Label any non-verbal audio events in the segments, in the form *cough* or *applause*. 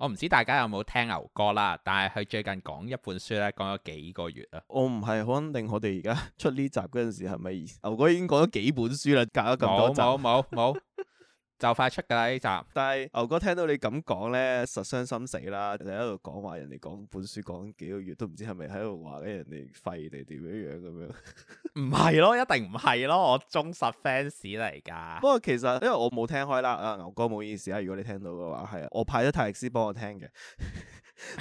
我唔知大家有冇聽牛哥啦，但係佢最近講一本書咧，講咗幾個月啊。我唔係好肯定，我哋而家出呢集嗰陣時係咪牛哥已經講咗幾本書啦？隔咗咁多集。冇冇冇冇。 *laughs* 就快出噶啦呢集，但係牛哥聽到你咁講咧，實傷心死啦！就喺度講話人哋講本書講幾個月都唔知係咪喺度話咧人哋廢你點樣樣咁樣？唔係 *laughs* 咯，一定唔係咯，我忠實 fans 嚟噶。不過其實因為我冇聽開啦，啊牛哥唔好意思啦。如果你聽到嘅話，係啊，我派咗泰迪斯幫我聽嘅。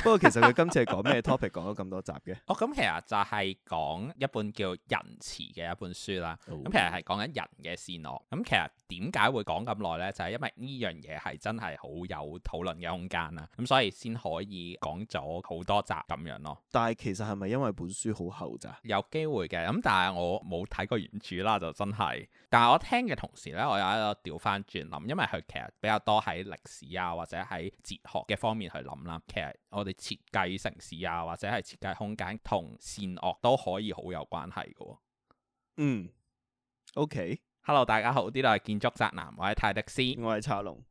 不 *laughs* 過 *laughs* 其實佢今次係講咩 topic 講咗咁多集嘅？哦，咁其實就係講一本叫《仁慈》嘅一本書啦。咁、oh. 其實係講緊人嘅善惡。咁其實點解會講咁耐咧？就係因為呢樣嘢係真係好有討論嘅空間啦，咁所以先可以講咗好多集咁樣咯。但係其實係咪因為本書好厚咋？有機會嘅，咁但係我冇睇過原著啦，就真係。但係我聽嘅同時呢，我有一個調翻轉諗，因為佢其實比較多喺歷史啊，或者喺哲學嘅方面去諗啦。其實我哋設計城市啊，或者係設計空間，同善惡都可以好有關係㗎喎。嗯。OK。hello，大家好，呢度係建築宅男，我係泰迪斯，我係茶龍。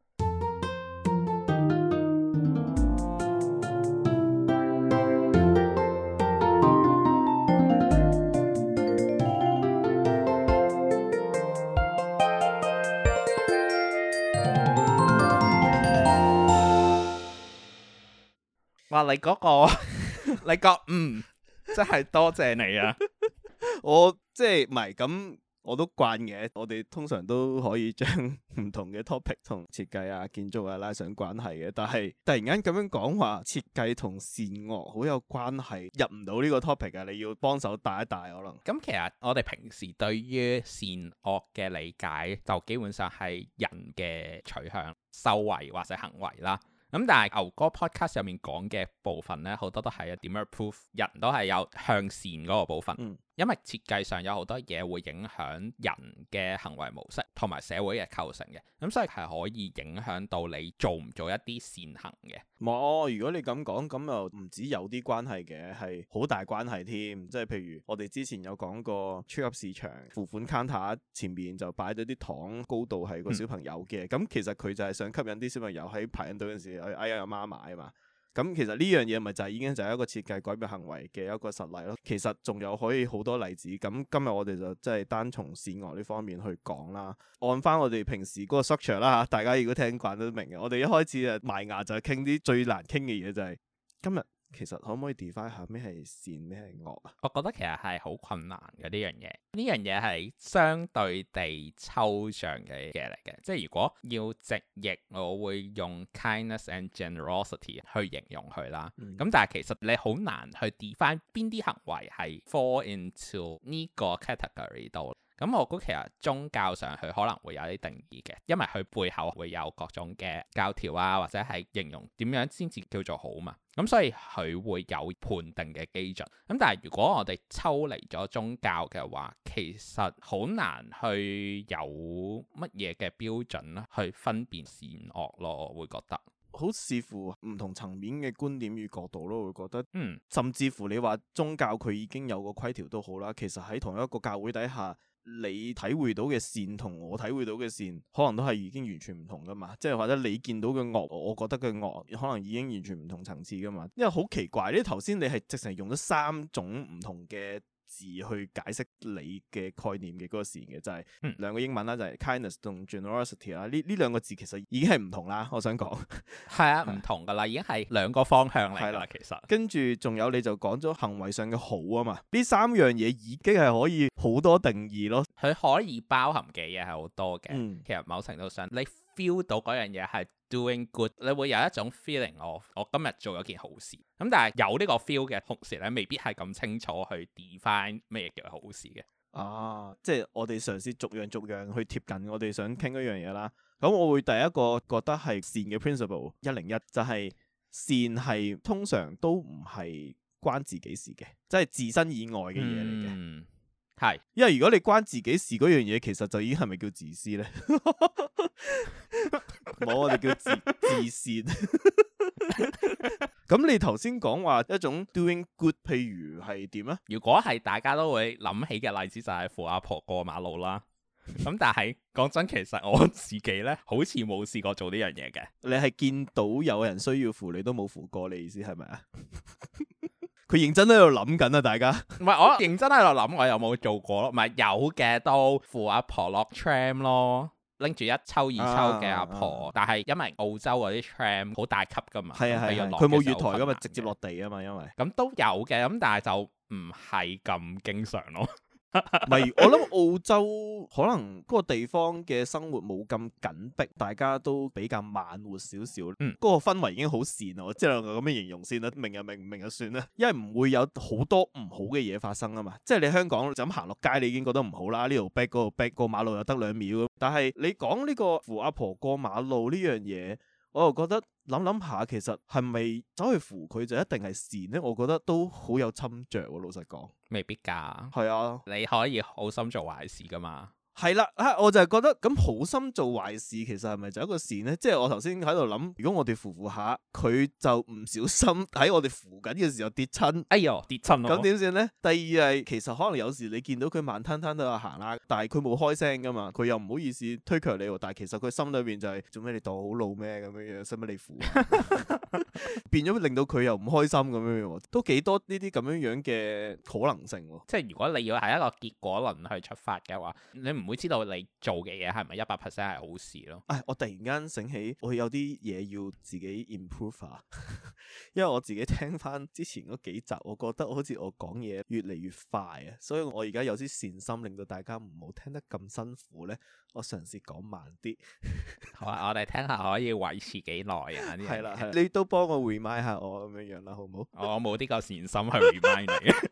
話你個，你個，嗯， *laughs* 真係多謝你啊！ *laughs* *laughs* 我即係唔係咁。我都慣嘅，我哋通常都可以將唔同嘅 topic 同設計啊、建築啊拉上關係嘅。但係突然間咁樣講話設計同善惡好有關係，入唔到呢個 topic 啊，你要幫手帶一帶可能。咁、嗯、其實我哋平時對於善惡嘅理解就基本上係人嘅取向、修為或者行為啦。咁、嗯、但係牛哥 podcast 上面講嘅部分呢，好多都係點樣 prove 人都係有向善嗰個部分。嗯因為設計上有好多嘢會影響人嘅行為模式同埋社會嘅構成嘅，咁所以係可以影響到你做唔做一啲善行嘅。冇、哦，如果你咁講，咁又唔止有啲關係嘅，係好大關係添。即係譬如我哋之前有講過，超級市場付款 counter 前邊就擺咗啲糖，高度係個小朋友嘅。咁、嗯、其實佢就係想吸引啲小朋友喺排緊隊嗰陣時，哎呀有媽買嘛。咁其實呢樣嘢咪就係已經就係一個設計改變行為嘅一個實例咯。其實仲有可以好多例子。咁今日我哋就即係單從線外呢方面去講啦。按翻我哋平時嗰個 structure 啦，吓，大家如果聽慣都明嘅。我哋一開始啊埋牙就係傾啲最難傾嘅嘢，就係、是、今日，其實可唔可以 define 下咩係善，咩係惡啊？我覺得其實係好困難嘅呢樣嘢，呢樣嘢係相對地抽象嘅嘢嚟嘅。即係如果要直譯，我會用 kindness and generosity 去形容佢啦。咁、嗯、但係其實你好難去 define 邊啲行為係 fall into 呢個 category 度。咁我估其實宗教上佢可能會有啲定義嘅，因為佢背後會有各種嘅教條啊，或者係形容點樣先至叫做好嘛。咁所以佢會有判定嘅基準。咁但係如果我哋抽離咗宗教嘅話，其實好難去有乜嘢嘅標準啦，去分辨善惡咯。我會覺得好視乎唔同層面嘅觀點與角度咯。我會覺得嗯，甚至乎你話宗教佢已經有個規條都好啦，其實喺同一個教會底下。你體會到嘅善同我體會到嘅善，可能都係已經完全唔同㗎嘛。即係或者你見到嘅惡，我覺得嘅惡，可能已經完全唔同層次㗎嘛。因為好奇怪，呢頭先你係直情用咗三種唔同嘅字去解釋你嘅概念嘅嗰、那個詞嘅就係、是、兩個英文啦，嗯、就係 kindness 同 generosity 啦。呢呢兩個字其實已經係唔同啦。我想講係啊，唔 *laughs* 是同噶啦，已經係兩個方向嚟啦。啊、其實跟住仲有你就講咗行為上嘅好啊嘛。呢三樣嘢已經係可以好多定義咯。佢可以包含嘅嘢係好多嘅。嗯、其實某程度上，你 feel 到嗰樣嘢係。Doing good，你會有一種 feeling，我我今日做咗件好事。咁但係有呢個 feel 嘅同時咧，未必係咁清楚去 define 咩叫好事嘅。啊，即係我哋嘗試逐樣逐樣去貼近我哋想傾一樣嘢啦。咁、嗯、我會第一個覺得係善嘅 principle 一零一，就係善係通常都唔係關自己事嘅，即係自身以外嘅嘢嚟嘅。係、嗯，因為如果你關自己事嗰樣嘢，其實就已經係咪叫自私咧？ *laughs* 冇， *laughs* 我哋叫自慈 *laughs* 善 *laughs* 。咁 *laughs* 你頭先講話一種 doing good，譬如係點啊？如果係大家都會諗起嘅例子就係、是、扶阿婆過馬路啦。咁、 *laughs* *laughs* 嗯、但係講真，其實我自己呢，好似冇試過做呢樣嘢嘅。你係見到有人需要扶你，你都冇扶過你，你意思係咪啊？佢 *laughs* *laughs* 認真喺度諗緊啊！大家唔 *laughs* 係，我認真喺度諗，我有冇做過？唔係，有嘅都扶阿婆落 tram 咯。拎住一抽二抽嘅阿婆，啊啊啊、但係因為澳洲嗰啲 tram 好大級噶嘛，佢冇月台噶嘛，直接落地吖嘛，因為咁都有嘅，咁但係就唔係咁經常咯。 *laughs* 咪 *laughs* 我諗澳洲可能嗰個地方嘅生活冇咁緊迫，大家都比較慢活少少，嗯，嗰個氛圍已經好善咯，即係咁樣形容先啦，明就明，唔明就算啦，因為唔會有好多唔好嘅嘢發生啊嘛，即係你香港就咁行落街，你已經覺得唔好啦，呢度逼嗰度逼，過馬路又得兩秒，但係你講呢個扶阿婆過馬路呢樣嘢。我就覺得諗諗下，其實係咪走去扶佢就一定係善呢？我覺得都好有侵著喎，啊，老實講。未必㗎，係啊，你可以好心做壞事㗎嘛。係啦，啊，我就係覺得咁好心做壞事，其實係咪就係一個善咧？即係我頭先喺度諗，如果我哋扶扶下佢就唔小心喺我哋扶緊嘅時候跌親，哎呦跌親咯，咁點算咧？第二係其實可能有時你見到佢慢吞吞喺度行啦，但係佢冇開聲噶嘛，佢又唔好意思推強你，但係其實佢心裏邊就係做咩你當我好老咩咁樣樣，使乜你扶？ *laughs* *laughs* 變咗令到佢又唔開心咁樣，都幾多呢啲咁樣樣嘅可能性喎。即係如果你要係一個結果論去出發嘅話，你唔～唔會知道你做嘅嘢係咪一百 percent 係好事咯。哎，我突然間醒起，我有啲嘢要自己 improve 啊， *laughs* 因為我自己聽翻之前嗰幾集，我覺得我好似我講嘢越嚟越快啊，所以我而家有啲善心，令到大家唔好聽得咁辛苦咧。我嘗試講慢啲。 *laughs* 好啊，我哋聽下可以維持幾耐啊？係啦、 *laughs* 啊，啊、 *laughs* 你都幫我 remind 下我咁樣樣啦，好唔好？我冇啲咁善心去 remind 你。 *laughs* *laughs*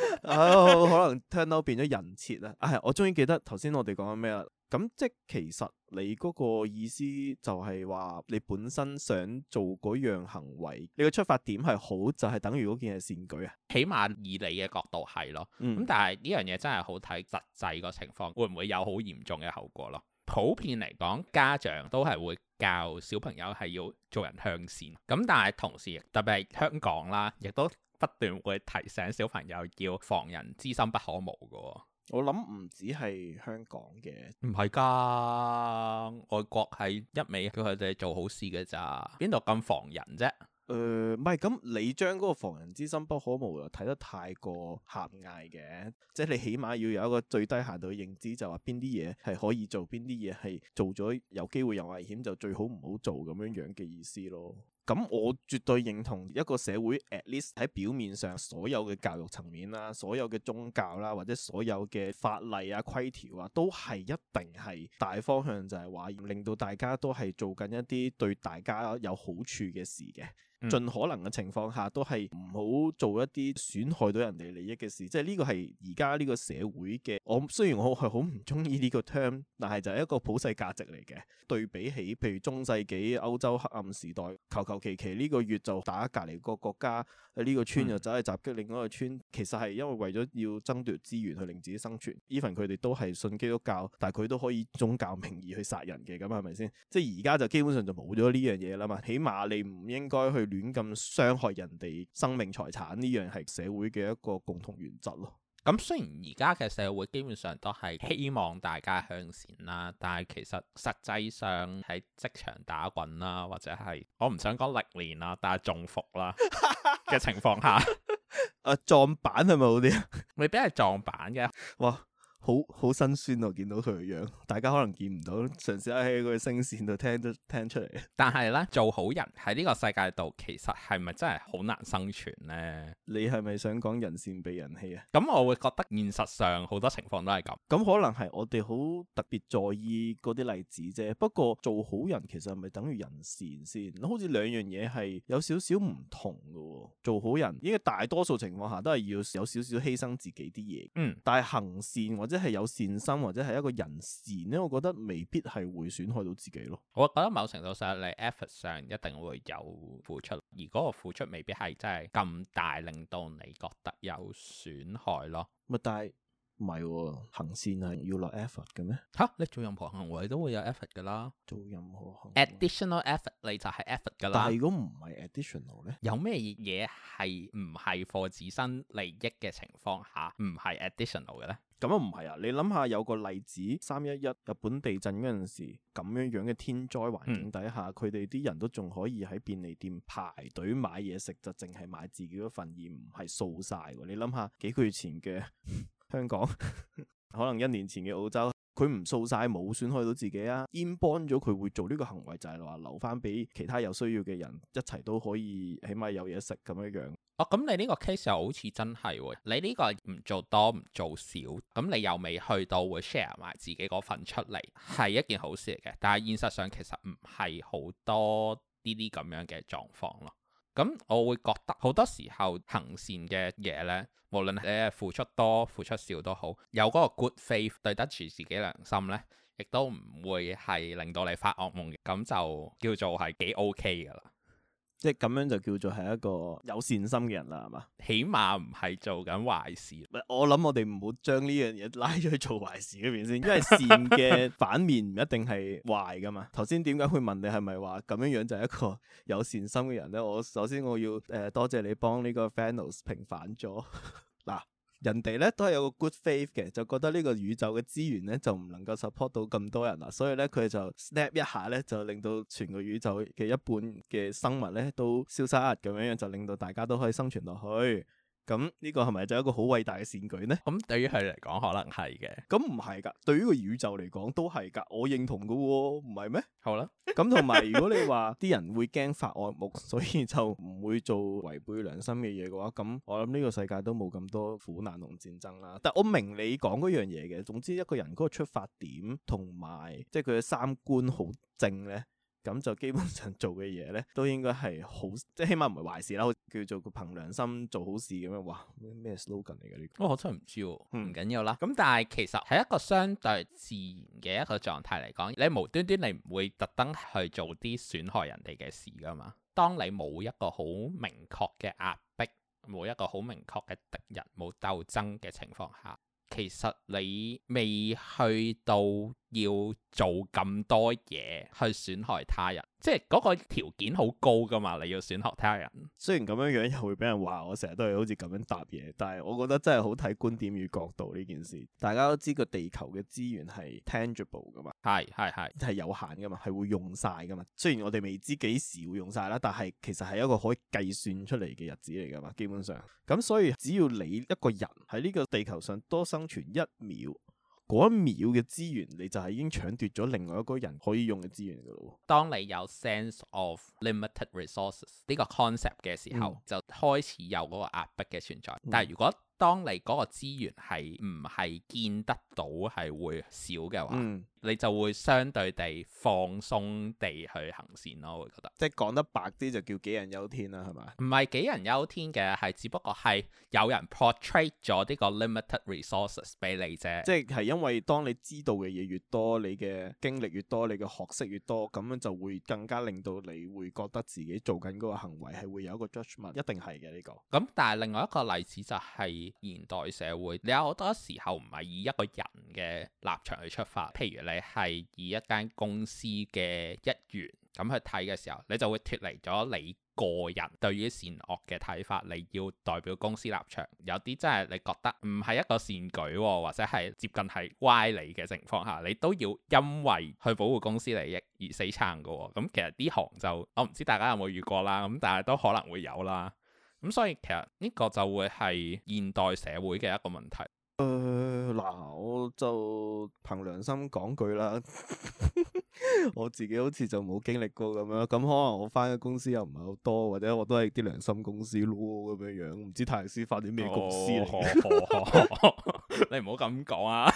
*laughs* 啊、可能聽到變咗人設啦。係、啊，我終於記得頭先我哋講緊咩啦。咁即其實你嗰個意思就係話，你本身想做嗰樣行為，你個出發點係好，就係、是、等於嗰件係善舉啊。起碼以你嘅角度係咯。咁、嗯、但係呢樣嘢真係好睇實際個情況，會唔會有好嚴重嘅後果咯？普遍嚟講，家長都係會教小朋友係要做人向善。咁但係同時，特別係香港啦，亦都。不斷會提醒小朋友要防人之心不可無嘅。我諗唔止係香港嘅，唔係噶，外國係一味叫佢哋做好事嘅咋？邊度咁防人啫？誒、呃，唔係咁，你將嗰個防人之心不可無又睇得太過狹隘嘅，即係你起碼要有一個最低限度嘅認知，就話邊啲嘢係可以做，邊啲嘢係做咗有機會有危險就最好唔好做咁樣樣嘅意思咯。咁我絕對認同一個社會 at least 喺表面上所有嘅教育層面啦，所有嘅宗教啦，或者所有嘅法例啊、規條啊，都係一定係大方向就係話令到大家都係做緊一啲對大家有好處嘅事嘅。盡、嗯、可能嘅情況下，都係唔好做一啲損害到人哋利益嘅事，即係呢個係而家呢個社會嘅。我雖然我係好唔中意呢個 term，但係就係一個普世價值嚟嘅。對比起譬如中世紀歐洲黑暗時代，求求其其呢個月就打隔籬個國家呢、這個村就走去襲擊另外一個村，嗯、其實係因為為咗要爭奪資源去令自己生存。Even 佢哋都係信基督教，但係佢都可以宗教名義去殺人嘅，咁係咪先？即係而家就基本上就冇咗呢樣嘢啦嘛。起碼你唔應該去。亂咁傷害人哋生命財產，呢樣係社會嘅一個共同原則咯。咁雖然而家嘅社會基本上都係希望大家向善啦，但係其實實際上喺職場打滾啦，或者係我唔想講歷練啦，但係中伏啦嘅情況下，誒、 *laughs* 啊、撞板係咪好啲？未必係撞板嘅，哇！好好辛酸啊！見到佢嘅樣，大家可能見唔到，嘗試喺佢聲線度聽都，聽出聽出嚟。但係咧，做好人喺呢個世界度，其實係咪真係好難生存呢？你係咪想講人善被人欺啊？咁我會覺得現實上好多情況都係咁。咁可能係我哋好特別在意嗰啲例子啫。不過做好人其實係咪等於人善先？好似兩樣嘢係有少少唔同噶。做好人呢個大多數情況下都係要有少少犧牲自己啲嘢。嗯。但係行善即係有善心或者係一個人善咧，我覺得未必係會損害到自己咯。我覺得某程度上，你 effort 上一定會有付出，而嗰個付出未必係真係咁大，令到你覺得有損害咯。咪但係。唔係喎，行善係要落 effort 嘅咩？嚇、啊，你做任何行為都會有 effort 噶啦。做任何行為，additional effort 你就係 effort 噶啦。但係如果唔係 additional 咧，有咩嘢係唔係為自身利益嘅情況下唔係 additional 嘅咧？咁啊唔係啊！你諗下有個例子，三一一日本地震嗰陣時，咁樣樣嘅天災環境底下，佢哋啲人都仲可以喺便利店排隊買嘢食，就淨係買自己嗰份，而唔係掃曬。你諗下幾個月前嘅。 *laughs* 香港 *laughs* 可能一年前嘅澳洲，佢唔掃晒冇損害到自己啊，因幫咗佢會做呢個行為就係話留翻俾其他有需要嘅人，一齊都可以起碼有嘢食咁樣樣。哦，咁你呢個 case 又好似真係喎，你呢個唔做多唔做少，咁你又未去到會 share 埋自己嗰份出嚟，係一件好事嚟嘅。但係現實上其實唔係好多呢啲咁樣嘅狀況咯。咁我會覺得好多時候行善嘅嘢呢，無論你付出多、付出少都好，有嗰個 good faith 對得住自己良心呢，亦都唔會係令到你發惡夢嘅，咁就叫做係幾 OK 㗎喇。即係咁樣就叫做係一個有善心嘅人啦，係嘛？起碼唔係做緊壞事。我諗我哋唔好將呢樣嘢拉咗去做壞事嗰邊先，因為善嘅反面唔一定係壞噶嘛。頭先點解會問你係咪話咁樣樣就係一個有善心嘅人呢？我首先我要誒、呃、多謝你幫呢個 fans e 平反咗嗱。 *laughs* 人哋咧都係有個 good faith 嘅，就覺得呢個宇宙嘅資源咧就唔能夠 support 到咁多人啦，所以咧佢哋就 snap 一下咧，就令到全個宇宙嘅一半嘅生物咧都消失咁樣樣，就令到大家都可以生存落去。咁呢個係咪就係一個好偉大嘅善舉呢？咁、嗯、對於佢嚟講，可能係嘅。咁唔係噶，對於個宇宙嚟講都係噶，我認同嘅喎、哦，唔係咩？好啦了，咁同埋如果你話啲 *laughs* 人會驚發惡目，所以就唔會做違背良心嘅嘢嘅話，咁、嗯、我諗呢個世界都冇咁多苦難同戰爭啦。但我明你講嗰樣嘢嘅，總之一個人嗰個出發點同埋即係佢嘅三觀好正呢。咁就基本上做嘅嘢咧，都應該係好，即係起碼唔係壞事啦。好叫做個憑良心做好事咁樣，哇咩 slogan 嚟嘅呢個？我真係唔知喎，啊，唔緊要啦。咁但係其實係一個相對自然嘅一個狀態嚟講，你無端端你唔會特登去做啲損害人哋嘅事噶嘛。當你冇一個好明確嘅壓迫，冇一個好明確嘅敵人，冇鬥爭嘅情況下，其實你未去到。要做咁多嘢去損害他人，即係嗰個條件好高噶嘛？你要損害他人，雖然咁樣樣又會俾人話我成日都係好似咁樣答嘢，但係我覺得真係好睇觀點與角度呢件事。大家都知個地球嘅資源係 tangible 噶嘛，係係係，係有限噶嘛，係會用晒噶嘛。雖然我哋未知幾時會用晒啦，但係其實係一個可以計算出嚟嘅日子嚟噶嘛。基本上，咁所以只要你一個人喺呢個地球上多生存一秒。嗰一秒嘅資源，你就係已經搶奪咗另外一個人可以用嘅資源㗎咯。當你有 sense of limited resources 呢個 concept 嘅時候，嗯、就開始有嗰個壓迫嘅存在。嗯、但係如果當你嗰個資源係唔係見得到係會少嘅話，嗯、你就會相對地放鬆地去行善咯。我會覺得即係講得白啲就叫杞人憂天啦，係咪？唔係杞人憂天嘅，係只不過係有人 portray 咗呢個 limited resources 俾你啫。即係因為當你知道嘅嘢越多，你嘅經歷越多，你嘅學識越多，咁樣就會更加令到你會覺得自己做緊嗰個行為係會有一個 judgement，一定係嘅呢個。咁但係另外一個例子就係、是。現代社會，你有好多時候唔係以一個人嘅立場去出發，譬如你係以一間公司嘅一員咁去睇嘅時候，你就會脫離咗你個人對於善惡嘅睇法。你要代表公司立場，有啲真係你覺得唔係一個善舉喎，或者係接近係歪理嘅情況下，你都要因為去保護公司利益而死撐嘅喎、哦。咁、嗯、其實呢行就，我唔知大家有冇遇過啦，咁但係都可能會有啦。咁所以其實呢個就會係現代社會嘅一個問題、呃。誒、呃、嗱，我就憑良心講句啦。 *laughs* 我自己好似就冇經歷過咁樣，咁可能我返嘅公司又唔係好多，或者我都係啲良心公司咯咁樣樣，唔知泰斯發啲咩公司嚟？你唔好咁講啊！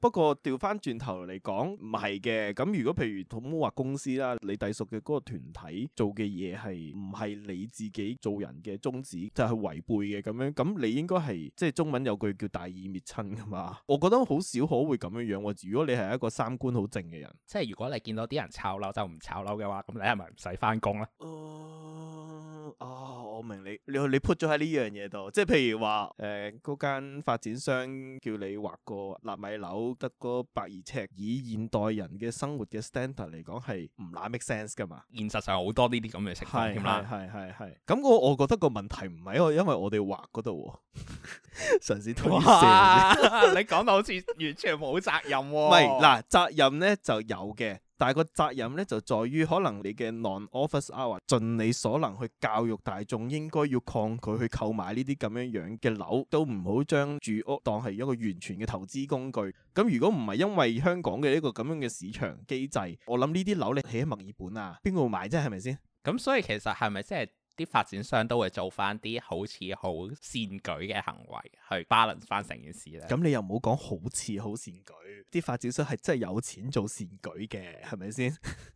不過調翻轉頭嚟講，唔係嘅。咁如果譬如土木話公司啦，你隸屬嘅嗰個團體做嘅嘢係唔係你自己做人嘅宗旨，就係違背嘅咁樣，咁你應該係即係中文有句叫大義滅親噶嘛。我覺得好少可會咁樣樣。如果你係一個三觀好正嘅人，即係如果你。見到啲人炒樓就唔炒樓嘅話，咁你係咪唔使翻工咧？嗯、呃，啊、哦，我明你，你你 put 咗喺呢樣嘢度，即係譬如話，誒、呃，嗰間發展商叫你畫個納米樓得個百二尺，以現代人嘅生活嘅 standard 嚟講，係唔乸 make sense 噶嘛？現實上好多呢啲咁嘅情況啦，係係係。咁我我覺得個問題唔喺我，因為我哋畫嗰度， *laughs* 上次推卸，哇 *laughs* 你講到好似完全冇責任、啊。唔係嗱，責任咧就有嘅。但係個責任咧就在於，可能你嘅 non-office hour 盡你所能去教育大眾，應該要抗拒去購買呢啲咁樣樣嘅樓，都唔好將住屋當係一個完全嘅投資工具。咁如果唔係因為香港嘅一個咁樣嘅市場機制，我諗呢啲樓你起喺墨爾本啊，邊個會買啫？係咪先？咁所以其實係咪即係？啲發展商都會做翻啲好似好善舉嘅行為去 balance 翻成件事咧。咁、嗯、你又唔好講好似好善舉，啲發展商係真係有錢做善舉嘅，係咪先？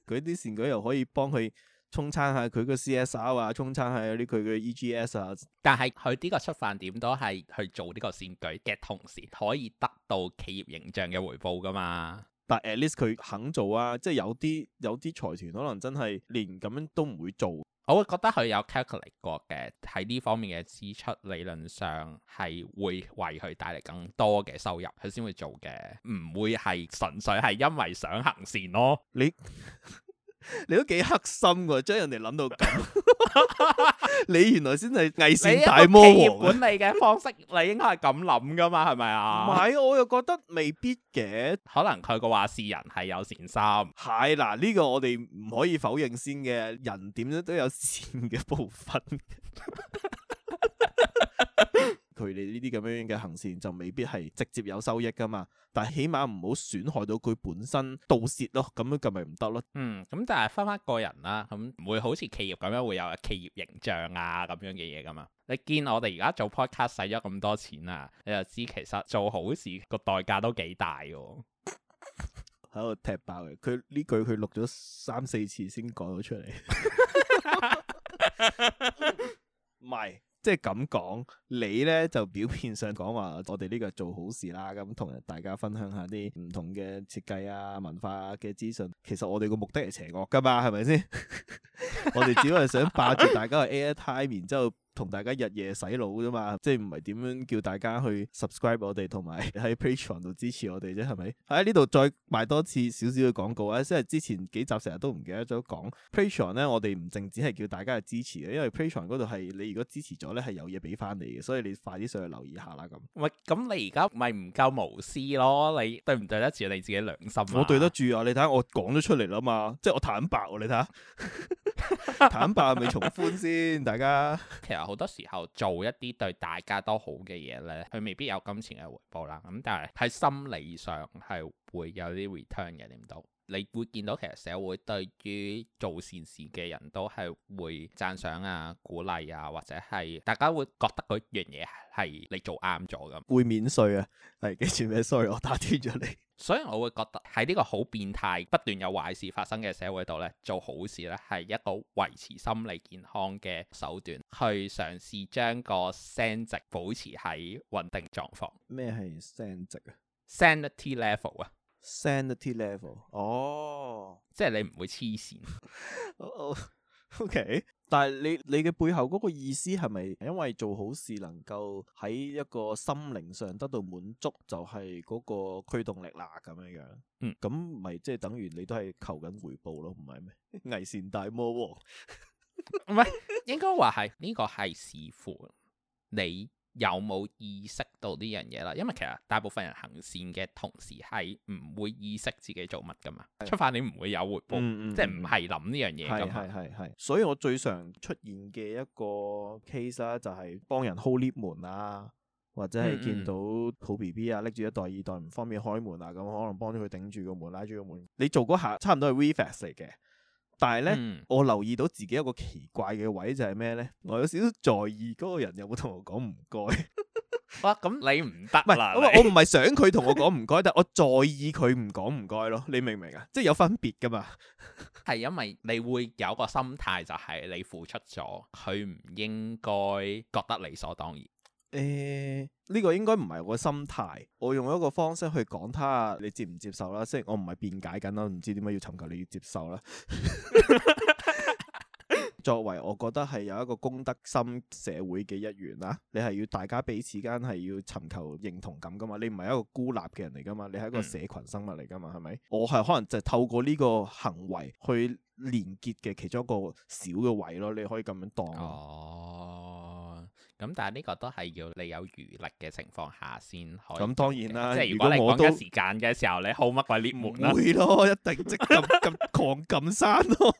佢 *laughs* 啲善舉又可以幫佢充餐下佢個 CSR 啊，充餐下啲佢嘅 E.G.S 啊。但係佢呢個出發點都係去做呢個善舉嘅同時，可以得到企業形象嘅回報㗎嘛。但 at least 佢肯做啊，即、就、係、是、有啲有啲財團可能真係連咁樣都唔會做。我會覺得佢有 calculate 過嘅，喺呢方面嘅支出理論上係會為佢帶嚟更多嘅收入，佢先會做嘅，唔會係純粹係因為想行善咯、哦。你？ *laughs* 你都幾黑心噶，將人哋諗到咁， *laughs* *laughs* 你原來先係偽善大魔王。管理嘅方式， *laughs* 你應該係咁諗噶嘛，係咪啊？唔係，我又覺得未必嘅， *laughs* 可能佢個話事人係有善心，係嗱呢個我哋唔可以否認先嘅，人點樣都有善嘅部分。 *laughs* 佢哋呢啲咁樣嘅行善就未必係直接有收益噶嘛，但係起碼唔好損害到佢本身盜竊咯，咁樣咁咪唔得咯。嗯，咁但係返返個人啦，咁唔會好似企業咁樣會有企業形象啊咁樣嘅嘢噶嘛。你見我哋而家做 podcast 使咗咁多錢啊，你就知其實做好事個代價都幾大嘅。喺度踢爆嘅，佢呢句佢錄咗三四次先講得出嚟，唔係。即係咁講，你咧就表面上講話，我哋呢個做好事啦，咁同大家分享下啲唔同嘅設計啊、文化嘅，啊、資訊。其實我哋個目的係邪惡噶嘛，係咪先？ *laughs* *laughs* 我哋只係想霸住大家嘅 airtime，然之後。同大家日夜洗腦啫嘛，即係唔係點樣叫大家去 subscribe 我哋，同埋喺 Patreon 度支持我哋啫，係咪？喺呢度再賣多次少少嘅廣告啊，即係之前幾集成日都唔記得咗講 Patreon 咧，我哋唔淨止係叫大家去支持嘅，因為 Patreon 嗰度係你如果支持咗咧係有嘢俾翻你嘅，所以你快啲上去留意下啦咁。喂，係，咁你而家咪唔夠無私咯？你對唔對得住你自己良心啊？我對得住啊，你睇下我講咗出嚟啦嘛，即係我坦白啊，你睇下。 *laughs* *laughs* 坦白咪從寬先， *laughs* 大家。其實好多時候做一啲對大家都好嘅嘢咧，佢未必有金錢嘅回報啦。咁但係喺心理上係會有啲 return 嘅，點到？你會見到其實社會對於做善事嘅人都係會讚賞啊、鼓勵啊，或者係大家會覺得嗰樣嘢係你做啱咗咁，會免稅啊？係幾錢？咩稅？Sorry, 我打斷咗你。所以我會覺得喺呢個好變態、不斷有壞事發生嘅社會度咧，做好事咧係一個維持心理健康嘅手段，去嘗試將個升值保持喺穩定狀況。咩係升值啊？Sanity level 啊？sanity level，哦，即係你唔會黐線，OK，但係你你嘅背後嗰個意思係咪因為做好事能夠喺一個心靈上得到滿足，就係嗰個驅動力啦？咁樣樣，嗯，咁咪即係等於你都係求緊回報咯，唔係咩？偽 *laughs* 善大魔王， *laughs* 唔係應該話係呢個係視乎。你。有冇意識到呢樣嘢啦？因為其實大部分人行善嘅同時係唔會意識自己做乜㗎嘛，係出發點唔會有回報，嗯嗯、即係唔係諗呢樣嘢咁嘛。係係所以我最常出現嘅一個 case 啦，就係幫人 hold lift 門啊，或者係見到抱 B B 啊拎住一袋二袋唔方便開門啊，咁可能幫佢頂住個門拉住個門。你做嗰下差唔多係 reflex 嚟嘅。但係咧，嗯、我留意到自己一個奇怪嘅位就係咩咧？我有少少在意嗰個人有冇同我講唔該。 *laughs* 哇！咁你唔得，唔係是你我唔係想佢同我講唔該， *laughs* 但係我在意佢唔講唔該咯。你明唔明啊？即係有分別噶嘛？係 *laughs* 因為你會有個心態，就係你付出咗，佢唔應該覺得理所當然。誒，呢、這個應該唔係我嘅心態，我用一個方式去講，睇下你接唔接受啦？即係我唔係辯解緊啦，唔知點解要尋求你要接受啦。 *laughs* *laughs* 作為我覺得係有一個公德心社會嘅一員啦，你係要大家彼此間係要尋求認同感噶嘛？你唔係一個孤立嘅人嚟噶嘛？你係一個社群生物嚟噶嘛？係咪、嗯？我係可能就係透過呢個行為去連結嘅其中一個小嘅位咯，你可以咁樣當。哦咁但係呢個都係要你有餘力嘅情況下先可以。咁當然啦，即係如果你冇多時間嘅時候，都你 hold 乜鬼 lift 門、啊、會咯，一定即撳咁 *laughs* 狂撳山咯。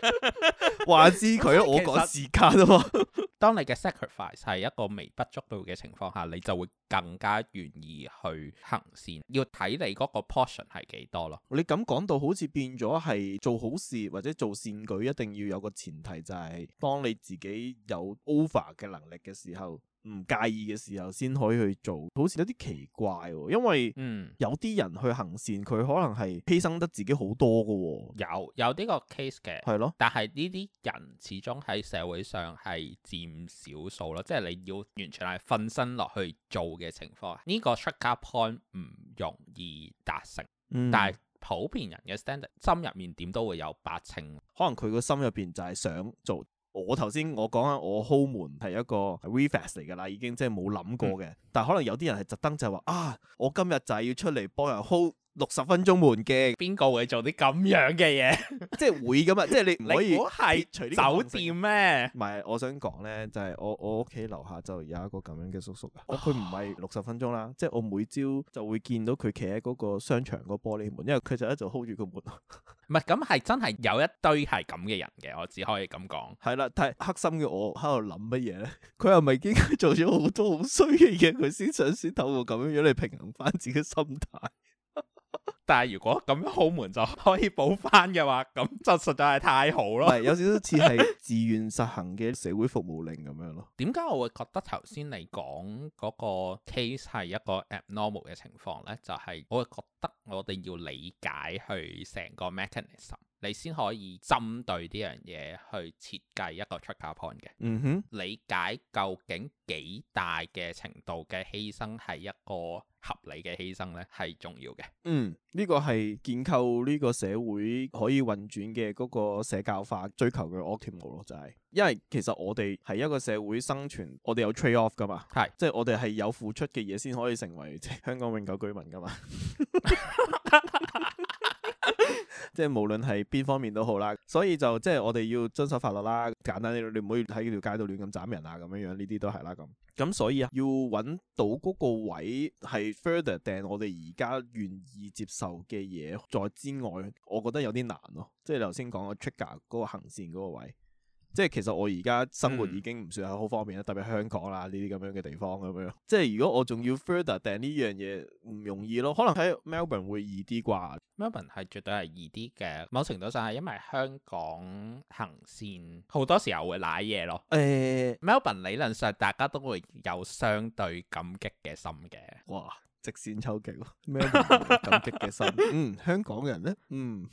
*laughs* *laughs* *laughs* 話知佢是，我講時間啫嘛。 *laughs* 當你嘅 sacrifice 係一個微不足道嘅情況下，你就會更加願意去行善。要睇你嗰個 portion 係幾多咯。你咁講到好似變咗係做好事或者做善舉，一定要有個前提就係、是、當你自己有 over 嘅能力嘅時候。唔介意嘅時候先可以去做，好似有啲奇怪、哦，因為嗯有啲人去行善，佢可能係犧牲得自己好多嘅、哦。有有呢個 case 嘅，係咯。但係呢啲人始終喺社會上係佔少數咯，即係你要完全係瞓身落去做嘅情況，呢、這個 checkup、er、point 唔容易達成。嗯、但係普遍人嘅 standard 心入面點都會有八成，可能佢個心入邊就係想做。我頭先我講緊，我 hold 門係一個 reflex 嚟㗎啦，已經即係冇諗過嘅。嗯、但係可能有啲人係特登就係話啊，我今日就係要出嚟幫人 hold。六十分鐘換機，邊個會做啲咁樣嘅嘢？ *laughs* 即係會噶嘛？ *laughs* 即係你，你如果係酒店咩？唔係，我想講咧，就係、是、我我屋企樓下就有一個咁樣嘅叔叔啊。佢唔係六十分鐘啦，即係我每朝就會見到佢企喺嗰個商場個玻璃門，因為佢就一直 hold 住個門。唔 *laughs* 係，咁係真係有一堆係咁嘅人嘅，我只可以咁講。係啦， *laughs* 但係黑心嘅我喺度諗乜嘢咧？佢又咪係應該做咗好多好衰嘅嘢，佢先想先透過咁樣樣嚟平衡翻自己心態。但係如果咁樣好悶就可以補翻嘅話，咁就實在係太好咯。係 *laughs* *laughs* 有少少似係自願實行嘅社會服務令咁樣咯。點解我會覺得頭先你講嗰個 case 係一個 abnormal 嘅情況咧？就係、是、我會覺得我哋要理解佢成個 mechanism。你先可以針對呢樣嘢去設計一個出發 point 嘅，理解究竟幾大嘅程度嘅犧牲係一個合理嘅犧牲呢？係重要嘅。嗯，呢、這個係建構呢個社會可以運轉嘅嗰個社交化追求嘅 optimal 咯，就係因為其實我哋係一個社會生存，我哋有 trade off 噶嘛，係是即係我哋係有付出嘅嘢先可以成為香港永久居民噶嘛。 *laughs* *laughs* 即係無論係邊方面都好啦，所以就即係我哋要遵守法律啦。簡單啲，你唔可以喺條街度亂咁斬人啊，咁樣樣呢啲都係啦。咁咁所以啊，要揾到嗰個位係 further than 我哋而家願意接受嘅嘢再之外，我覺得有啲難咯、啊。即係頭先講個 trigger 嗰個行線嗰個位。即係其實我而家生活已經唔算係好方便啦，嗯、特別香港啦呢啲咁樣嘅地方咁、啊、樣。即係如果我仲要 Further 訂呢樣嘢唔容易咯，可能喺 Mel Melbourne 會易啲啩。Melbourne 係絕對係易啲嘅，某程度上係因為香港行線好多時候會瀨嘢咯。誒、欸、，Melbourne 理論上大家都會有相對感激嘅心嘅。哇直線抽極咯，咩 *laughs* 感激嘅心？ *laughs* 嗯，香港人咧，嗯，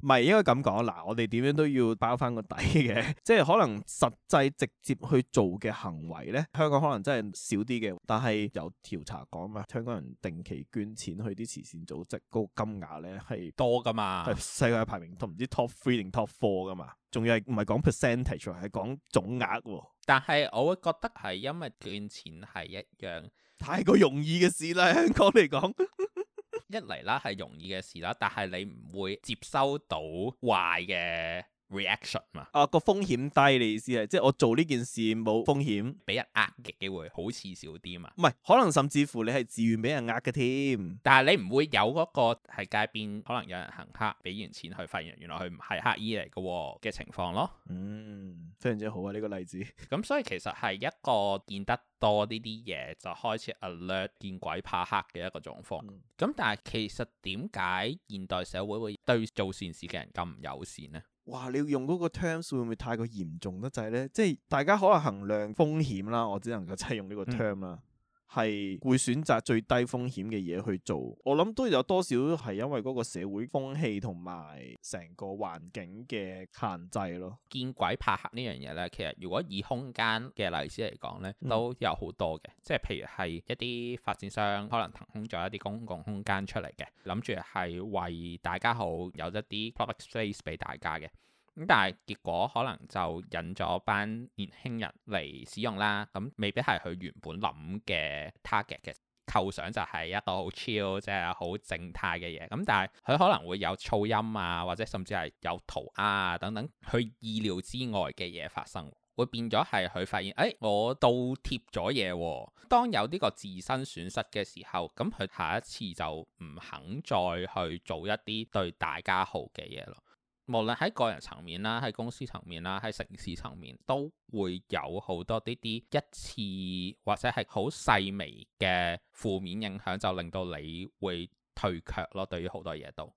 咪 *laughs* 應該咁講嗱，我哋點樣都要包翻個底嘅，即係可能實際直接去做嘅行為咧，香港可能真係少啲嘅。但係有調查講啊嘛，香港人定期捐錢去啲慈善組織，嗰個金額咧係多噶嘛，世界排名都唔知 top three 定 top four 噶嘛，仲要係唔係講 percentage，係講總額。但係我會覺得係因為捐錢係一樣。太過容易嘅事啦，香港嚟講， *laughs* 一嚟啦係容易嘅事啦，但係你唔會接收到壞嘅。reaction 嘛，Re action, 啊、嗰個風險低，你意思係即係我做呢件事冇風險俾人呃嘅機會，好似少啲嘛？唔係，可能甚至乎你係自願俾人呃嘅添，但係你唔會有嗰個喺街邊可能有人行乞，俾完錢去發現原來佢唔係乞衣嚟嘅、哦、情況咯。嗯，非常之好啊！呢、呢個例子，咁所以其實係一個見得多呢啲嘢就開始 alert 見鬼怕黑嘅一個狀況。咁、嗯、但係其實點解現代社會,會會對做善事嘅人咁唔友善呢？哇！你要用嗰個 terms 會唔會太過嚴重得滯咧？即大家可能衡量風險啦，我只能夠真係用呢個 term 啦。嗯係會選擇最低風險嘅嘢去做，我諗都有多少係因為嗰個社會風氣同埋成個環境嘅限制咯。見鬼怕黑呢樣嘢呢，其實如果以空間嘅例子嚟講呢，都有好多嘅，嗯、即係譬如係一啲發展商可能騰空咗一啲公共空間出嚟嘅，諗住係為大家好有一啲 public space 俾大家嘅。咁但係結果可能就引咗班年輕人嚟使用啦，咁未必係佢原本諗嘅 target 嘅構想就係一個好 chill 即係好靜態嘅嘢，咁但係佢可能會有噪音啊，或者甚至係有塗鴉啊等等，佢意料之外嘅嘢發生，會變咗係佢發現誒、哎、我倒貼咗嘢，當有呢個自身損失嘅時候，咁佢下一次就唔肯再去做一啲對大家好嘅嘢咯。無論喺個人層面啦，喺公司層面啦，喺城市層面，都會有好多啲啲一次或者係好細微嘅負面影響，就令到你會退卻咯。對於好多嘢都，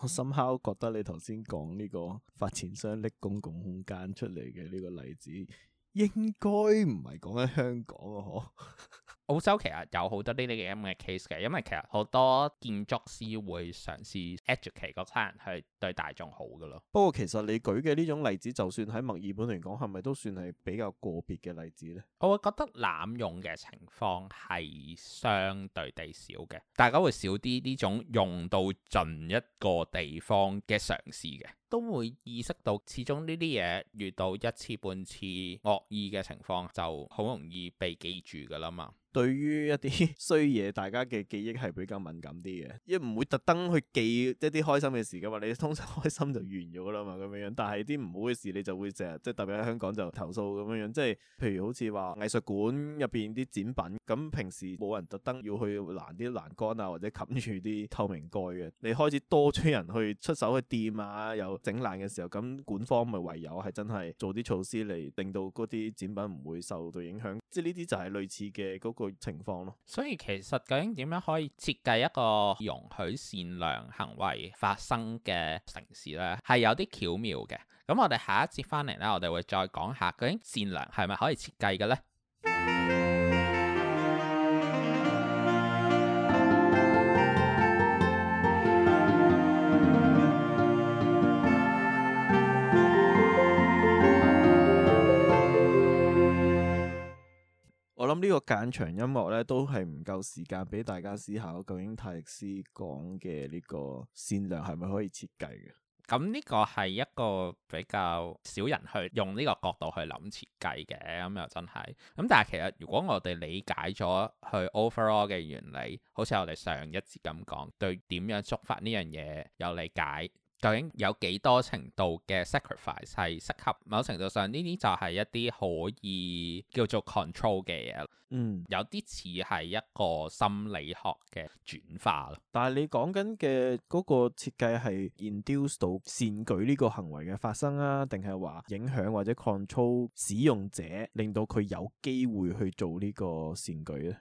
我深刻覺得你頭先講呢個發展商拎公共空間出嚟嘅呢個例子，應該唔係講緊香港啊，嗬。 *laughs* 澳洲其實有好多呢啲咁嘅 case 嘅，因為其實好多建築師會嘗試 educate 個客人，係對大眾好㗎咯。不過其實你舉嘅呢種例子，就算喺墨爾本嚟講，係咪都算係比較個別嘅例子呢？我會覺得濫用嘅情況係相對地少嘅，大家會少啲呢種用到盡一個地方嘅嘗試嘅，都會意識到，始終呢啲嘢遇到一次半次惡意嘅情況，就好容易被記住噶啦嘛。對於一啲衰嘢，大家嘅記憶係比較敏感啲嘅，因為唔會特登去記一啲開心嘅事噶嘛，你通常開心就完咗啦嘛咁樣樣，但係啲唔好嘅事你就會成日，即係特別喺香港就投訴咁樣樣，即係譬如好似話藝術館入邊啲展品，咁平時冇人特登要去攔啲欄杆啊，或者冚住啲透明蓋嘅，你開始多啲人去出手去掂啊，又整爛嘅時候，咁館方咪唯有係真係做啲措施嚟令到嗰啲展品唔會受到影響，即係呢啲就係類似嘅情況咯，所以其實究竟點樣可以設計一個容許善良行為發生嘅城市呢？係有啲巧妙嘅。咁我哋下一節翻嚟呢，我哋會再講下究竟善良係咪可以設計嘅呢。 *music* 個間場呢個間場音樂咧，都係唔夠時間俾大家思考，究竟泰勒斯講嘅呢個善良係咪可以設計嘅？咁呢、嗯，呢個係一個比較少人去用呢個角度去諗設計嘅，咁又真係。咁但係其實如果我哋理解咗去 overall 嘅原理，好似我哋上一節咁講，對點樣觸發呢樣嘢有理解。究竟有幾多程度嘅 sacrifice 係適合，某程度上呢啲就係一啲可以叫做 control 嘅嘢，嗯，有啲似係一個心理學嘅轉化，嗯，但係你講緊嘅嗰個設計係 induce 到善舉呢個行為嘅發生啊，定係話影響或者 control 使用者，令到佢有機會去做呢個善舉呢？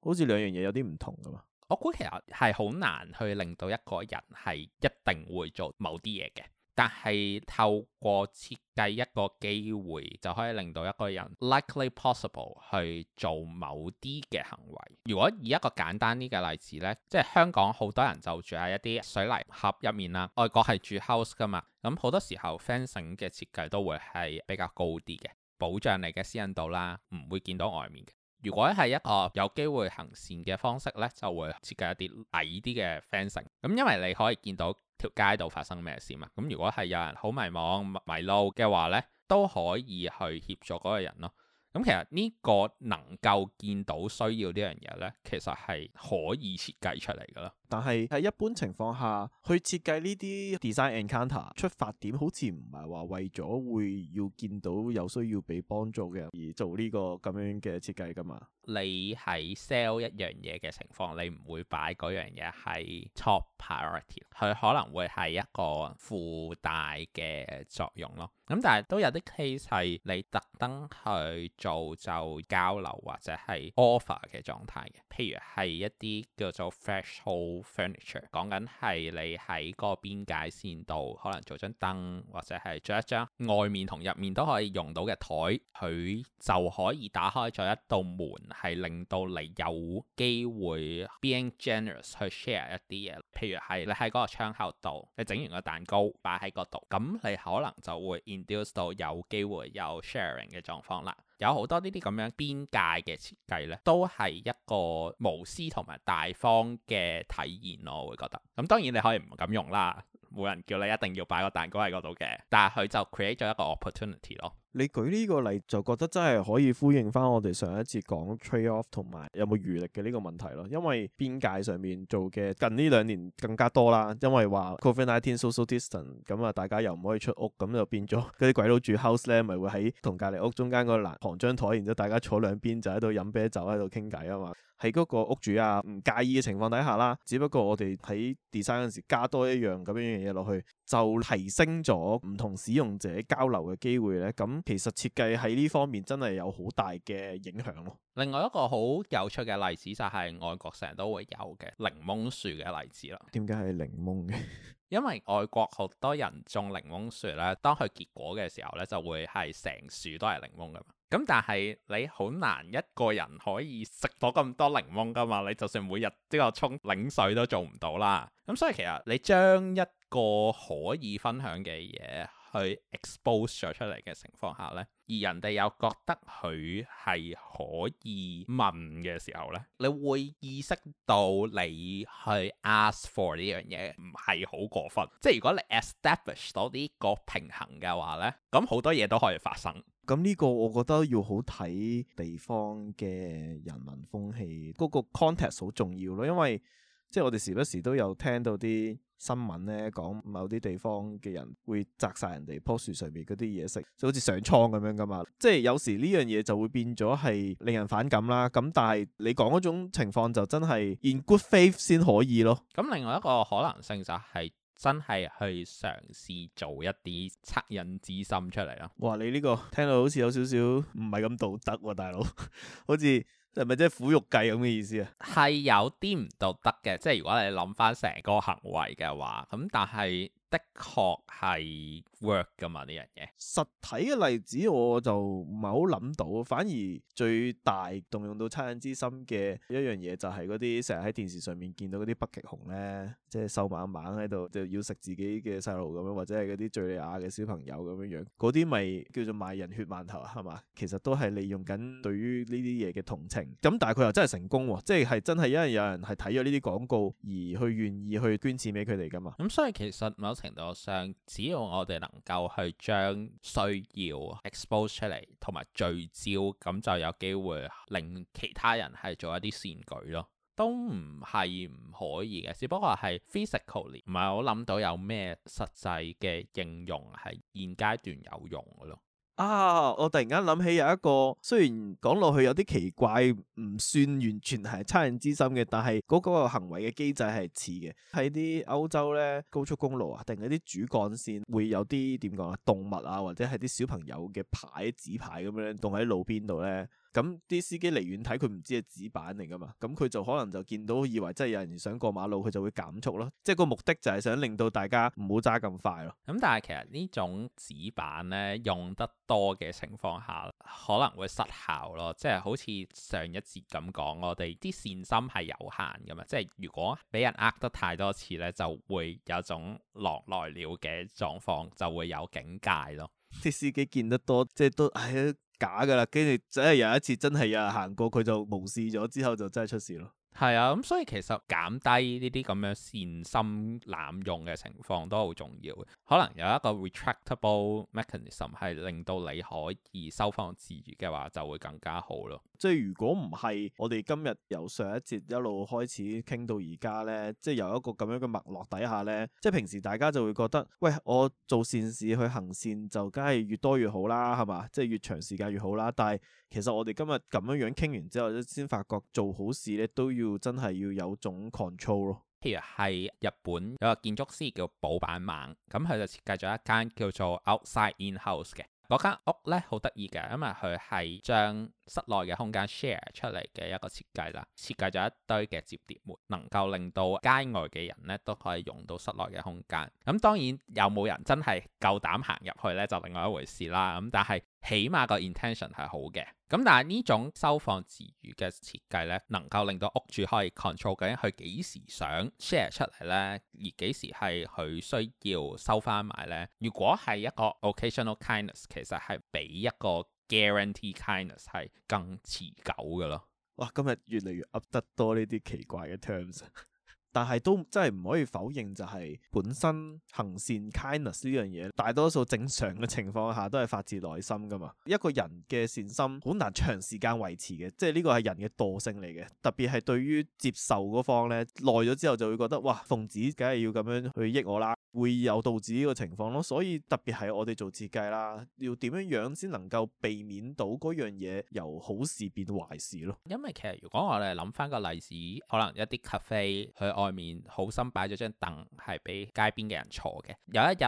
好似兩樣嘢有啲唔同㗎嘛？我估其實係好難去令到一個人係一定會做某啲嘢嘅，但係透過設計一個機會就可以令到一個人 likely possible 去做某啲嘅行為。如果以一個簡單啲嘅例子呢，即係香港好多人就住喺一啲水泥盒入面啦，外國係住 house 㗎嘛，咁好多時候 fencing 嘅設計都會係比較高啲嘅，保障你嘅私隱度啦，唔會見到外面嘅。如果係一個有機會行善嘅方式咧，就會設計一啲矮啲嘅 fencing。咁因為你可以見到條街度發生咩事嘛。咁如果係有人好迷惘迷路嘅話咧，都可以去協助嗰個人咯。咁其實呢個能夠見到需要呢樣嘢咧，其實係可以設計出嚟㗎囉。但係喺一般情況下，去設計呢啲 design encounter 出發點好似唔係話為咗會要見到有需要被幫助嘅人而做呢個咁樣嘅設計㗎嘛？你喺 sell 一樣嘢嘅情況，你唔會擺嗰樣嘢係 top priority，佢可能會係一個附帶嘅作用咯。咁但係都有啲 case 係你特登去做就交流或者係 offer 嘅狀態嘅，譬如係一啲叫做 freshhold。furniture 講緊係你喺個邊界線度，可能做張燈或者係做一張外面同入面都可以用到嘅台，佢就可以打開咗一道門，係令到你有機會 being generous 去 share 一啲嘢。譬如係你喺嗰個窗口度，你整完個蛋糕擺喺嗰度，咁你可能就會 induce 到有機會有 sharing 嘅狀況啦。有好多呢啲咁樣邊界嘅設計呢，都係一個無私同埋大方嘅體現咯。我會覺得咁，當然你可以唔敢用啦，冇人叫你一定要擺個蛋糕喺嗰度嘅，但係佢就 create 咗一個 opportunity 咯。你舉呢個例就覺得真係可以呼應翻我哋上一節講 trade-off 同埋有冇餘力嘅呢個問題咯，因為邊界上面做嘅近呢兩年更加多啦，因為話 COVID-19 social distance 咁啊，大家又唔可以出屋，咁就變咗嗰啲鬼佬住 house 咧，咪、就是、會喺同隔離屋中間嗰欄行張台，然之後大家坐兩邊就喺度飲啤酒喺度傾偈啊嘛。喺嗰個屋主啊唔介意嘅情況底下啦，只不過我哋喺 design 嗰陣時加多一樣咁樣嘢落去，就提升咗唔同使用者交流嘅機會咧。咁其實設計喺呢方面真係有好大嘅影響咯。另外一個好有趣嘅例子就係外國成日都會有嘅檸檬樹嘅例子啦。點解係檸檬嘅？ *laughs* 因為外國好多人種檸檬樹咧，當佢結果嘅時候咧，就會係成樹都係檸檬㗎嘛。咁但係你好難一個人可以食到咁多檸檬㗎嘛？你就算每日都有沖檸水都做唔到啦。咁所以其實你將一個可以分享嘅嘢去 expose 咗出嚟嘅情況下呢，而人哋又覺得佢係可以問嘅時候呢，你會意識到你去 ask for 呢樣嘢唔係好過分。即係如果你 establish 到呢個平衡嘅話呢，咁好多嘢都可以發生。咁呢個我覺得要好睇地方嘅人民風氣嗰個 context 好重要咯，因為即係我哋時不時都有聽到啲新聞咧，講某啲地方嘅人會摘晒人哋棵樹上面嗰啲嘢食，就好似上蒼咁樣噶嘛。即係有時呢樣嘢就會變咗係令人反感啦。咁但係你講嗰種情況就真係 in good faith 先可以咯。咁另外一個可能性就係。真係去嘗試做一啲惻隱之心出嚟咯。哇，你呢個聽到好似有少少唔係咁道德喎，啊，大佬， *laughs* 好似係咪即係苦肉計咁嘅意思啊？係有啲唔道德嘅，即係如果你諗翻成個行為嘅話，咁但係。的確係 work 噶嘛呢樣嘢，實體嘅例子我就唔係好諗到，反而最大動用到惻隱之心嘅一樣嘢就係嗰啲成日喺電視上面見到嗰啲北極熊咧，即係瘦蜢蜢，喺度就要食自己嘅細路咁樣，或者係嗰啲敘利亞嘅小朋友咁樣樣，嗰啲咪叫做賣人血饅頭啊，係嘛？其實都係利用緊對於呢啲嘢嘅同情，咁但係佢又真係成功喎，即係真係因為有人係睇咗呢啲廣告而去願意去捐錢俾佢哋噶嘛，咁所以其實程度上，只要我哋能夠去將需要 expose 出嚟，同埋聚焦，咁就有機會令其他人係做一啲善舉咯，都唔係唔可以嘅，只不過係 physically 唔係我諗到有咩實際嘅應用係現階段有用嘅咯。啊！我突然間諗起有一個，雖然講落去有啲奇怪，唔算完全係惻隱之心嘅，但係嗰個行為嘅機制係似嘅。喺啲歐洲咧，高速公路啊，定係啲主幹線會有啲點講啊，動物啊，或者係啲小朋友嘅牌紙牌咁樣棟喺路邊度咧。咁啲司機離遠睇佢唔知係紙板嚟噶嘛，咁佢就可能就見到以為真係有人想過馬路，佢就會減速咯。即係個目的就係想令到大家唔好揸咁快咯。咁但係其實種呢種紙板咧用得多嘅情況下，可能會失效咯。即係好似上一節咁講，我哋啲善心係有限噶嘛。即係如果俾人呃得太多次咧，就會有種狼來了嘅狀況，就會有警戒咯。啲司機見得多，即係都係假噶啦，跟住真係有一次真係有人行過，佢就無視咗，之後，就真係出事咯。係啊，咁所以其實減低呢啲咁樣善心濫用嘅情況都好重要嘅。可能有一個 retractable mechanism 係令到你可以收放自如嘅話，就會更加好咯。即係如果唔係，我哋今日由上一節一路開始傾到而家咧，即係由一個咁樣嘅脈絡底下咧，即係平時大家就會覺得，喂，我做善事去行善就梗係越多越好啦，係嘛？即係越長時間越好啦。但係其實我哋今日咁樣樣傾完之後咧，先發覺做好事咧都要。要真係要有種 control 咯，譬如係日本有個建築師叫保坂猛，咁佢就設計咗一間叫做 Outside In House 嘅嗰間屋咧，好得意嘅，因為佢係將室內嘅空間 share 出嚟嘅一個設計啦。設計咗一堆嘅摺疊門，能夠令到街外嘅人咧都可以用到室內嘅空間，咁當然有冇人真係夠膽行入去咧，就另外一回事啦。咁但係，起碼個 intention 係好嘅，咁但係呢種收放自如嘅設計咧，能夠令到屋主可以 control 緊佢幾時想 share 出嚟咧，而幾時係佢需要收翻埋咧。如果係一個 occasional kindness，其實係比一個 guarantee kindness 係更持久嘅咯。哇！今日越嚟越噏得多呢啲奇怪嘅 terms。 *laughs* 但係都真係唔可以否認，就係本身行善 kindness 呢樣嘢，大多數正常嘅情況下都係發自內心㗎嘛。一個人嘅善心好難長時間維持嘅，即係呢個係人嘅惰性嚟嘅。特別係對於接受嗰方呢，耐咗之後就會覺得哇，奉旨梗係要咁樣去益我啦，會有導致呢個情況咯。所以特別係我哋做設計啦，要點樣樣先能夠避免到嗰樣嘢由好事變壞事咯。因為其實如果我哋諗返個例子，可能一啲 cafe 外面好心擺咗張凳，係俾街邊嘅人坐嘅。有一日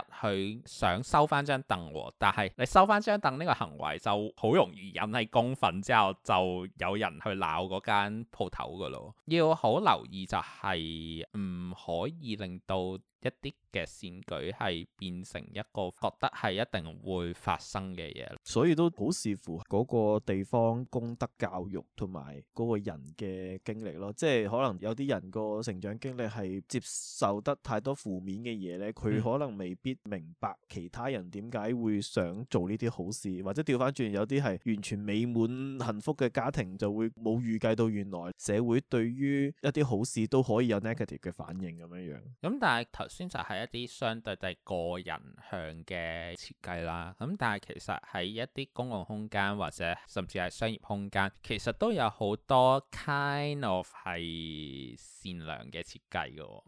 佢想收返張凳，但係你收返張凳呢個行為就好容易引起公憤，之後就有人去鬧嗰間鋪頭㗎咯。要好留意就係唔可以令到一啲嘅善舉係變成一個覺得係一定會發生嘅嘢，所以都好視乎嗰個地方公德教育同埋嗰個人嘅經歷咯。即係可能有啲人個成長經歷係接受得太多負面嘅嘢咧，佢可能未必明白其他人點解會想做呢啲好事，或者調翻轉有啲係完全美滿幸福嘅家庭就會冇預計到原來社會對於一啲好事都可以有 negative 嘅反應咁樣樣。咁、嗯、但係選擇係一啲相對地個人向嘅設計啦，咁但係其實喺一啲公共空間或者甚至係商業空間，其實都有好多 kind of 係善良嘅設計嘅。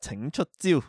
請出招！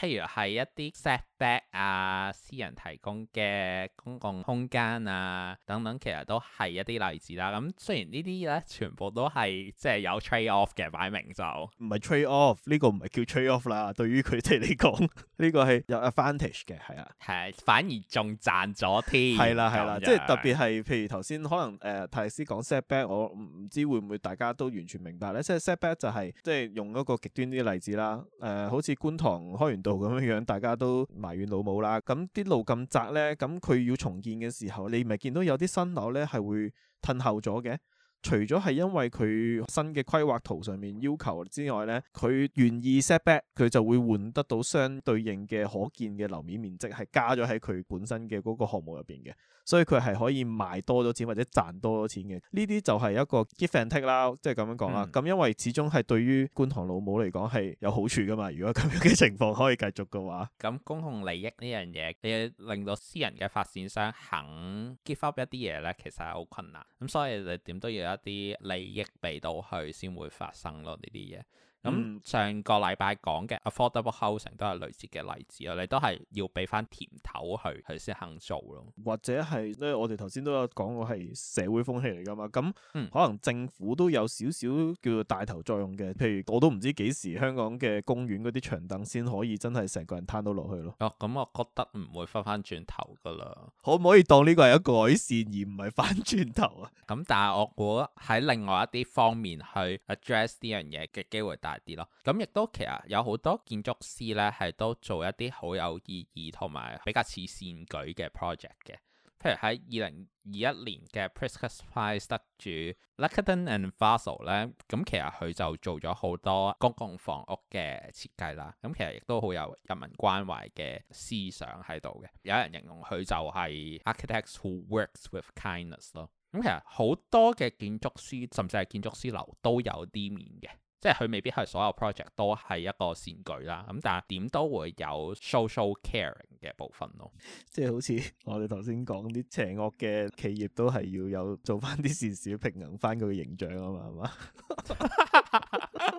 譬如係一啲 setback 啊，私人提供嘅公共空間啊，等等，其實都係一啲例子啦。咁雖然呢啲咧，全部都係即係有 trade off 嘅，擺明就唔係 trade off。呢個唔係叫 trade off 啦，對於佢哋嚟講，呢、這個係有 advantage 嘅，係啊，係、啊、反而仲賺咗添。係啦、 *laughs* 啊，係啦、啊，即係、啊就是、特別係譬如頭先可能誒、呃、泰斯講 setback，我唔知會唔會大家都完全明白咧、就是就是。即係 setback 就係即係用一個極端啲嘅例子啦。誒、呃，好似觀塘開完。做咁樣樣大家都埋怨老母啦。咁啲路咁窄咧，咁佢要重建嘅時候，你咪見到有啲新樓咧，係會褪後咗嘅。除咗係因為佢新嘅規劃圖上面要求之外咧，佢願意 set back，佢就會換得到相對應嘅可見嘅樓面面積係加咗喺佢本身嘅嗰個項目入邊嘅，所以佢係可以賣多咗錢或者賺多咗錢嘅。呢啲就係一個 give and take 啦，即係咁樣講啦。咁、嗯、因為始終係對於觀塘老母嚟講係有好處噶嘛，如果咁樣嘅情況可以繼續嘅話，咁、嗯、公共利益呢樣嘢，你令到私人嘅發展商肯 give up 一啲嘢咧，其實係好困難。咁所以你點都要。一啲利益俾到去先會發生咯，呢啲嘢。咁、嗯、上個禮拜講嘅 affordable housing 都係類似嘅例子啊，你都係要俾翻甜頭去佢先肯做咯。或者係即係，我哋頭先都有講過係社會風氣嚟噶嘛，咁可能政府都有少少叫做帶頭作用嘅。譬如我都唔知幾時香港嘅公園嗰啲長凳先可以真係成個人攤到落去咯。哦、嗯，咁、嗯嗯嗯、我覺得唔會翻翻轉頭噶啦。可唔可以當呢個係一個改善而唔係翻轉頭啊？咁、嗯、但係我估喺另外一啲方面去 address 呢樣嘢嘅機會大啲咯，咁亦都其實有好多建築師咧，係都做一啲好有意義同埋比較似善舉嘅 project 嘅。譬如喺二零二一年嘅 Pritzker Prize 得主 Lacaton and Vassal 咧，咁其實佢就做咗好多公共房屋嘅設計啦。咁其實亦都好有人民關懷嘅思想喺度嘅。有人形容佢就係 architects who works with kindness 咯。咁、嗯、其實好多嘅建築師，甚至係建築師樓都有啲面嘅。即係佢未必係所有 project 都係一個善舉啦，咁但係點都會有 social caring 嘅部分咯。即係好似我哋頭先講啲邪惡嘅企業都係要有做翻啲善事，平衡翻佢個形象啊嘛，係嘛？ *laughs* *laughs*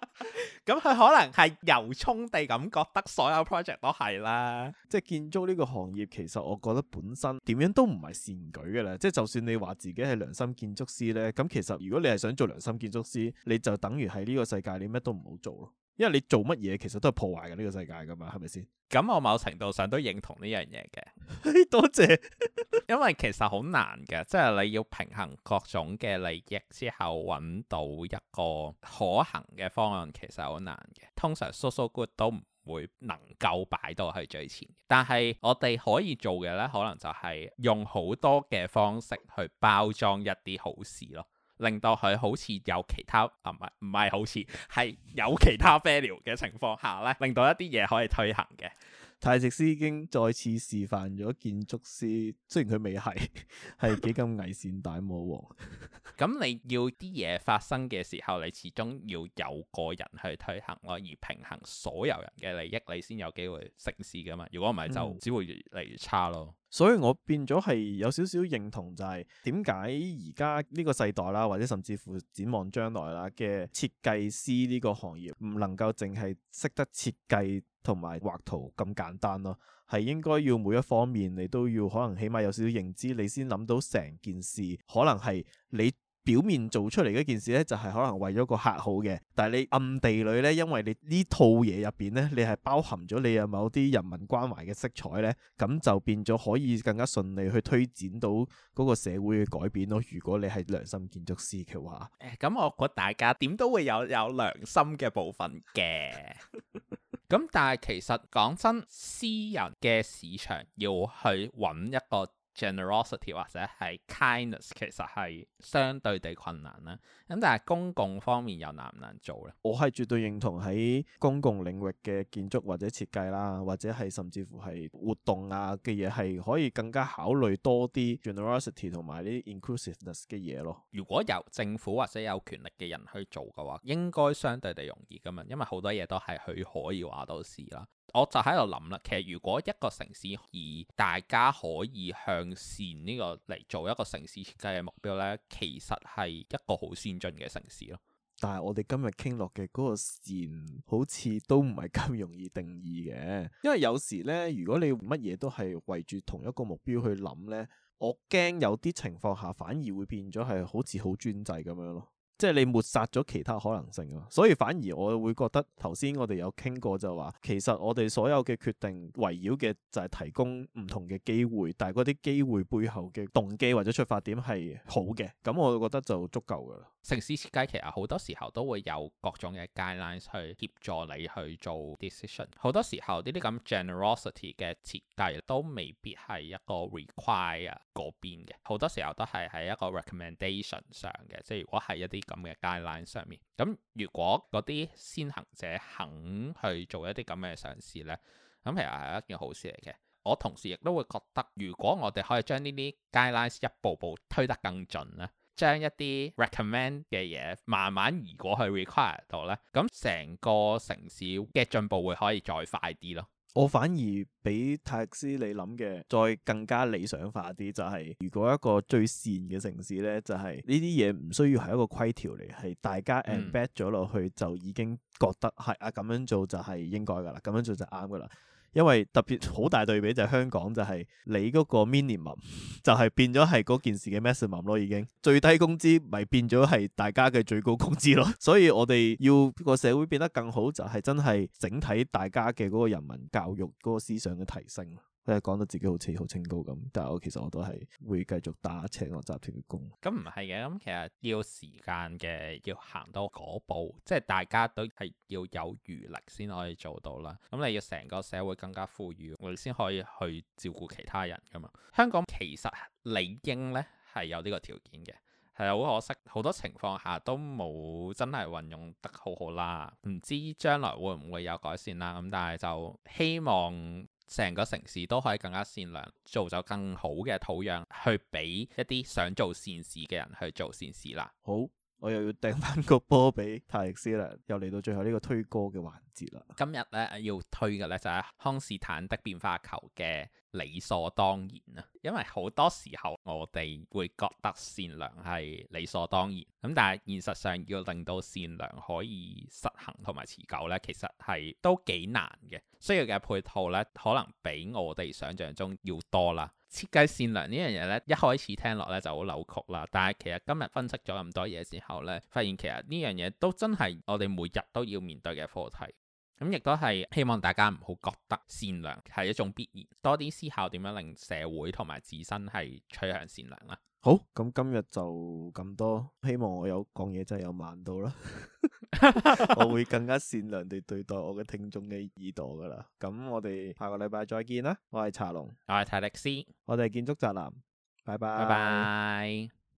咁佢可能係由衷地咁覺得所有 project 都係啦，即係建築呢個行業其實我覺得本身點樣都唔係善舉嘅咧，即係就算你話自己係良心建築師咧，咁其實如果你係想做良心建築師，你就等於喺呢個世界你乜都唔好做咯。因為你做乜嘢其實都係破壞嘅呢個世界噶嘛，係咪先？咁我某程度上都認同呢樣嘢嘅。 *laughs* 多謝 *laughs* ，因為其實好難嘅，即係你要平衡各種嘅利益之後，搵到一個可行嘅方案，其實好難嘅。通常 so so good 都唔會能夠擺到去最前，但係我哋可以做嘅呢，可能就係用好多嘅方式去包裝一啲好事咯。令到佢好似有其他啊，唔係唔係好似係有其他 failure 嘅情況下咧，令到一啲嘢可以推行嘅。太直師已經再次示範咗建築師，雖然佢未係係幾咁偽善大魔王。咁 *laughs* 你要啲嘢發生嘅時候，你始終要有個人去推行咯，而平衡所有人嘅利益，你先有機會成事噶嘛。如果唔係，就只會越嚟越差咯。嗯、所以我變咗係有少少認同、就是，就係點解而家呢個世代啦，或者甚至乎展望將來啦嘅設計師呢個行業，唔能夠淨係識得設計。同埋畫圖咁簡單咯，係應該要每一方面你都要可能起碼有少少認知，你先諗到成件事。可能係你表面做出嚟，嗰件事呢就係可能為咗個客好嘅。但係你暗地裏呢，因為你套呢套嘢入邊呢，你係包含咗你有某啲人文關懷嘅色彩呢，咁就變咗可以更加順利去推展到嗰個社會嘅改變咯。如果你係良心建築師嘅話，欸，誒，咁我估大家點都會有有良心嘅部分嘅。 *laughs* 咁但係其實講真，私人嘅市場要去揾一個 generosity 或者係 kindness 其實係相對地困難啦，咁但係公共方面又難唔難做咧？我係絕對認同喺公共領域嘅建築或者設計啦，或者係甚至乎係活動啊嘅嘢係可以更加考慮多啲 generosity 同埋啲 inclusiveness 嘅嘢咯。如果有政府或者有權力嘅人去做嘅話，應該相對地容易㗎嘛，因為好多嘢都係佢可以話到事啦。我就喺度諗啦，其實如果一個城市以大家可以向善呢個嚟做一個城市設計嘅目標呢，其實係一個好先進嘅城市咯。但係我哋今日傾落嘅嗰個善，好似都唔係咁容易定義嘅。因為有時呢，如果你乜嘢都係圍住同一個目標去諗呢，我驚有啲情況下反而會變咗係好似好專制咁樣咯。即係你抹殺咗其他可能性啊嘛，所以反而我會覺得頭先我哋有傾過就話，其實我哋所有嘅決定圍繞嘅就係提供唔同嘅機會，但係嗰啲機會背後嘅動機或者出發點係好嘅，咁我覺得就足夠噶啦。城市設計其實好多時候都會有各種嘅 guidelines 去協助你去做 decision，好多時候呢啲咁 generosity 嘅設計都未必係一個 require 嗰邊嘅，好多時候都係喺一個 recommendation 上嘅，即係如果係一啲，咁嘅 guideline 上面，咁如果嗰啲先行者肯去做一啲咁嘅嘗試呢，咁其實係一件好事嚟嘅。我同時亦都會覺得，如果我哋可以將呢啲 guidelines 一步步推得更進咧，將一啲 recommend 嘅嘢慢慢移過去 require 度呢，咁成個城市嘅進步會可以再快啲咯。我反而比泰斯你諗嘅再更加理想化啲，就係、是、如果一個最善嘅城市呢，就係呢啲嘢，唔需要係一個規條嚟，係大家誒 back 咗落去就已經覺得係、嗯、啊咁樣做就係應該噶啦，咁樣做就啱噶啦。因為特別好大對比就係香港就係你嗰個 minimum 就係變咗係嗰件事嘅 maximum 囉，已經最低工資咪變咗係大家嘅最高工資囉，所以我哋要個社會變得更好就係真係整體大家嘅嗰個人民教育嗰個思想嘅提升。即係講到自己好似好清高咁，但係我其實我都係會繼續打成我集團嘅工。咁唔係嘅，咁、嗯、其實要時間嘅，要行到嗰步，即係大家都係要有餘力先可以做到啦。咁、嗯、你要成個社會更加富裕，我哋先可以去照顧其他人噶嘛。香港其實理應咧係有呢個條件嘅，係好可惜，好多情況下都冇真係運用得好好啦。唔知將來會唔會有改善啦？咁、嗯、但係就希望。成個城市都可以更加善良，造就更好嘅土壤，去俾一啲想做善事嘅人去做善事啦。好。我又要掟翻個波俾泰力斯啦，又嚟到最後呢個推歌嘅環節啦。今日咧要推嘅咧就係康士坦的變化球嘅理所當然啦，因為好多時候我哋會覺得善良係理所當然，咁但係現實上要令到善良可以實行同埋持久咧，其實係都幾難嘅，需要嘅配套咧可能比我哋想象中要多啦。設計善良呢樣嘢咧，一開始聽落咧就好扭曲啦。但係其實今日分析咗咁多嘢之後咧，發現其實呢樣嘢都真係我哋每日都要面對嘅課題。咁、嗯、亦都係希望大家唔好覺得善良係一種必然，多啲思考點樣令社會同埋自身係趨向善良啦。好，咁今日就咁多，希望我有講嘢真係有慢到啦。 *laughs* *laughs* *laughs* 我會更加善良地對待我嘅聽眾嘅耳朵噶啦。咁我哋下個禮拜再見啦。我係茶龍，我係查力斯，我哋建築宅男，拜拜。Bye bye